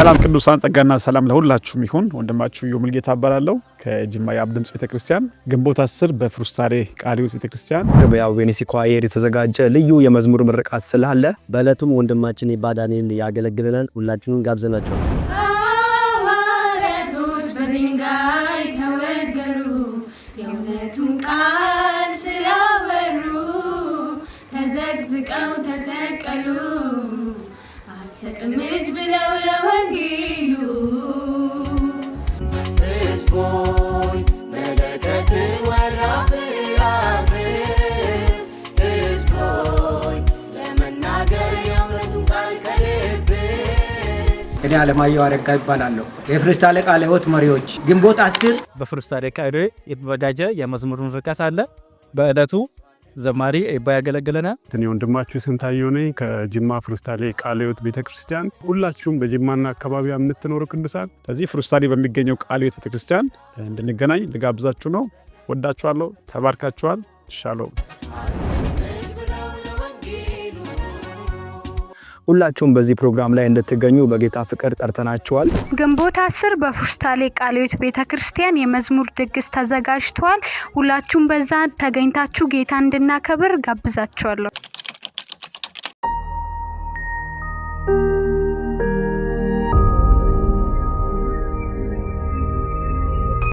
ሰላም ቅዱሳን ጸጋና ሰላም ለሁላችሁም ይሁን። ወንድማችሁ የሙልጌታ እባላለሁ ከጅማ የአብ ድምፅ ቤተክርስቲያን ግንቦት 10 በፍሩስታሬ ቃለ ቤተክርስቲያን ገበያው ቬኔሲ ኳየር የተዘጋጀ ልዩ የመዝሙር ምርቃት ስላለ በዕለቱም ወንድማችን ይባ ዳንኤል ያገለግለናል። ሁላችሁንም ጋብዘናቸው ሐዋርያቶች በድንጋይ ተወገሩ፣ የእውነቱን ቃል ስላበሩ ተዘግዝቀው ተሰቀሉ። አትሰጥም እጅ ብለው ለወንጌሉ ህዝቦይ መለከት እኔ አለማየሁ አረጋ ይባላለሁ። የፍርስታሌ ቃለ ሕይወት መሪዎች ግንቦት አስር በፍርስታሌ ቃለ የተዘጋጀ የመዝሙር ምርቃት አለ በዕለቱ ዘማሪ ኤባ ያገለገለና እኔ ወንድማችሁ ስንታየሁ ነኝ ከጅማ ፍሩስታሌ ቃለ ሕይወት ቤተክርስቲያን። ሁላችሁም በጅማና አካባቢ የምትኖሩ ቅዱሳን ከዚህ ፍሩስታሌ በሚገኘው ቃለ ሕይወት ቤተክርስቲያን እንድንገናኝ ልጋብዛችሁ ነው። ወዳችኋለሁ። ተባርካችኋል። ሻሎም ሁላችሁም በዚህ ፕሮግራም ላይ እንድትገኙ በጌታ ፍቅር ጠርተናችኋል። ግንቦት አስር በፉስታሌ ቃልዮት ቤተ ክርስቲያን የመዝሙር ድግስ ተዘጋጅተዋል። ሁላችሁም በዛ ተገኝታችሁ ጌታ እንድናከብር ጋብዛችኋለሁ።